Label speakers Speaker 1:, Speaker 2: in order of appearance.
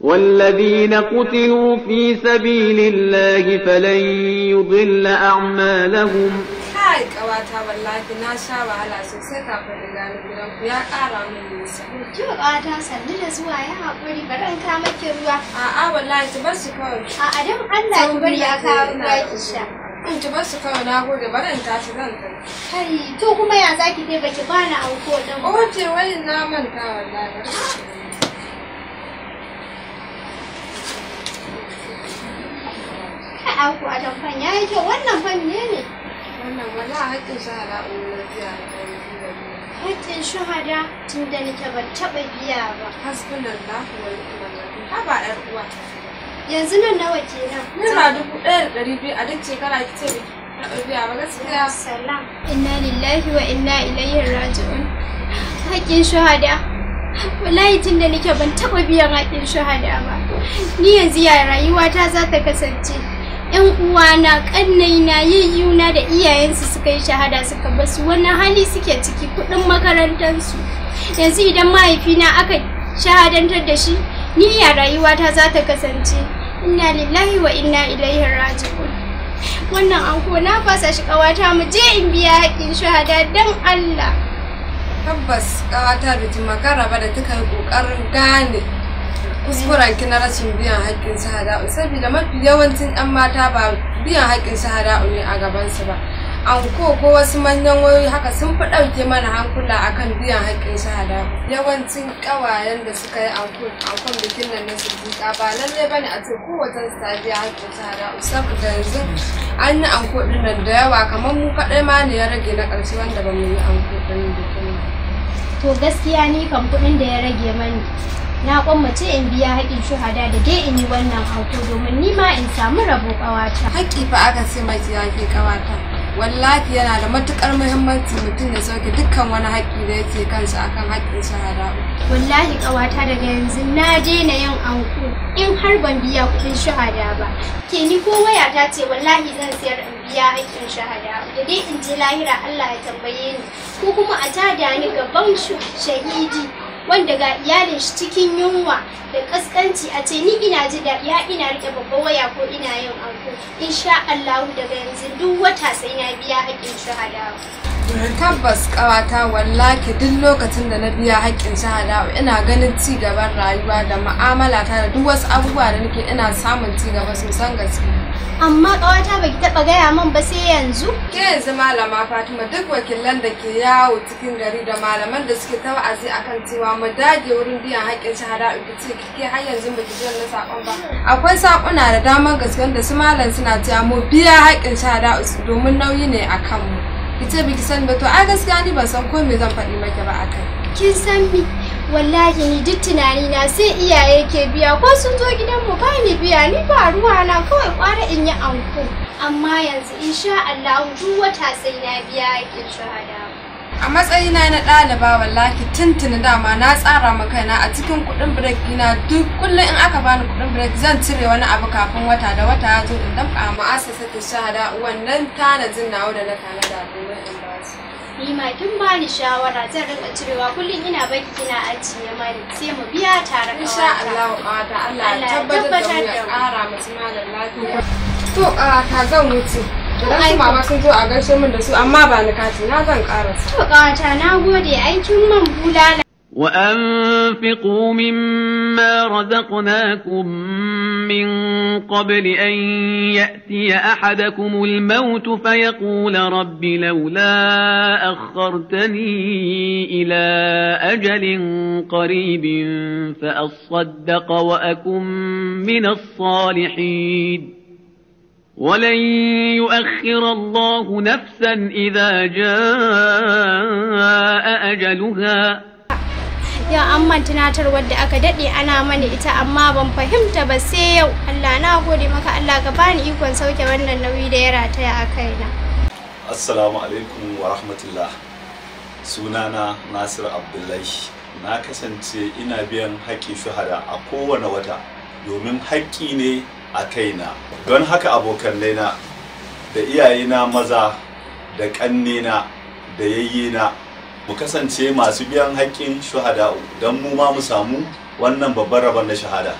Speaker 1: والذين قتلوا في سبيل الله فلن يضل أعمالهم
Speaker 2: kai na sha wahala sosai kafin ya kara min nisa.
Speaker 1: Ki kawata zuwa
Speaker 2: ruwa. A'a ki In su kawai na gode ta zan kai. Kai to kuma ya zaki dai baki bani auko dan. ce, wani na manta wallahi.
Speaker 1: aku ada fanya itu ya yi kyau wannan fan ne ne wannan wala hakkin shahada umar biya Hakkin shahada tun da nake ban taɓa biya ba hasbunallahu wa ni'mal wakil haba ɗan uwa yanzu nan nawa kenan naira dubu ɗaya da ɗari biyu a duk shekara ki ne biya ba gaskiya salam inna lillahi wa inna ilaihi raji'un haƙƙin shahada wallahi tun da nake ban taɓa biyan haƙƙin shahada ba ni yanzu ya rayuwata za ta kasance 'yan uwana ƙannaina yayyuna da iyayensu suka yi shahada suka basu wani hali suke ciki kuɗin makarantarsu yanzu idan mahaifina aka shahadantar da shi ni ya rayuwata za ta kasance inna lillahi wa inna ilaihi raji'un wannan anko na fasa shi ƙawata mu je in biya haƙƙin shahada don Allah
Speaker 2: tabbas ƙawata da makara ba da ta kai gane
Speaker 1: kuskuren ki na rashin biyan
Speaker 2: haƙƙin shahada'u saboda mafi yawancin 'yan mata ba biyan haƙƙin shahada'u ne a gabansu ba anko ko wasu manyan wayoyi haka sun fi ɗauke mana hankula akan biyan haƙƙin shahada yawancin ƙawayen da suka yi ankon bikin nan na sirrika ba lallai bane a ce kowace ta biya haƙƙin shahada saboda yanzu an yi anko nan da yawa kamar mu kaɗai ma ne ya rage na ƙarshe wanda ba mu yi anko ɗin bikin
Speaker 1: to gaskiya ni kan kuɗin da ya rage mani na kwammace in biya haƙin shahada da dai in yi wannan hauko domin ni ma in samu rabo ƙawata. Haƙƙi fa aka
Speaker 2: ce mai ke ƙawata. Wallahi yana da matuƙar muhimmanci mutum da sauke dukkan wani
Speaker 1: haƙƙi da yake kansa akan haƙƙin shahada. Wallahi ƙawata daga yanzu na daina yin anko in har ban biya kuɗin shahada ba. Ke ni ko waya ta ce wallahi zan sayar in biya haƙƙin shahada da dai in je lahira Allah ya tambaye ni ko kuma a tada ni gaban shahidi. wanda ga iyalin shi cikin yunwa da kaskanci a ce ni ina ji da ya ina rike babban waya ko ina yin anko insha Allah daga yanzu duk wata sai na biya hakkin shahada
Speaker 2: tabbas ƙawata wallahi duk lokacin da na biya haƙƙin shahada ina ganin ci gaban rayuwa da mu'amala ta da duk wasu abubuwa da nake ina samun ci gaba sosan gaske amma ƙawata baki taɓa gaya min ba sai yanzu? Ke yanzu malama Fatima duk wakilan da ke yawo cikin gari da malaman da suke ta wa'azi akan cewa mu dage wurin biyan haƙƙin shahada in ce kike har yanzu baki ji na saƙon ba. Akwai saƙuna da daman gaske da su malam suna cewa mu biya haƙƙin shahada domin nauyi ne a kanmu. kice ce biki sani ba to a gaskiya ni ba san ko me zan faɗi maki ba akai. Kin
Speaker 1: san mi. wallahi ni duk tunani na sai iyaye ke biya ko sun zo gidanmu mu ni biya ni ba ruwa na kawai kwara in yi anko amma yanzu insha Allah duk wata sai na biya yake shahada a matsayina na
Speaker 2: ɗaliba wallahi tuntuni dama na tsara ma kaina a cikin kuɗin break dina duk kullum in aka bani kuɗin break zan cire wani abu kafin wata da wata ya zo in damƙa asasa ta shahada wannan tanadin nawa da na tanada domin in ba su ni ma kin bani shawara
Speaker 1: zan rinka cirewa kullum ina baki kina ajiye mani sai mu biya tare kawai insha Allah ta Allah tabbatar da mu ƙara
Speaker 2: mutum malam lafiya to ka zan wuce Idan su mama sun zo a gaishe min da su amma ba ni kati na zan ƙara. To ƙawata na gode
Speaker 1: aikin man bulala. وأنفقوا مما رزقناكم من قبل أن يأتي أحدكم الموت فيقول رب لولا أخرتني إلى أجل قريب فأصدق وأكن من الصالحين ولن يؤخر الله نفسا إذا جاء أجلها yau an man tunatarwar da aka daɗe ana mani ita amma ban fahimta ba sai yau Allah na gode maka Allah ka bani ikon sauke wannan nauyi da ya rataya a kaina assalamu alaikum wa rahmatullah sunana nasir abdullahi na kasance ina biyan haƙƙin shuhada a kowane
Speaker 2: wata domin haƙƙi ne a kaina don haka abokan abokanaina da iyayena maza da ƙannena da yayyena mu
Speaker 1: kasance masu biyan haƙƙin shuhada don mu ma mu samu wannan babban rabon na shahada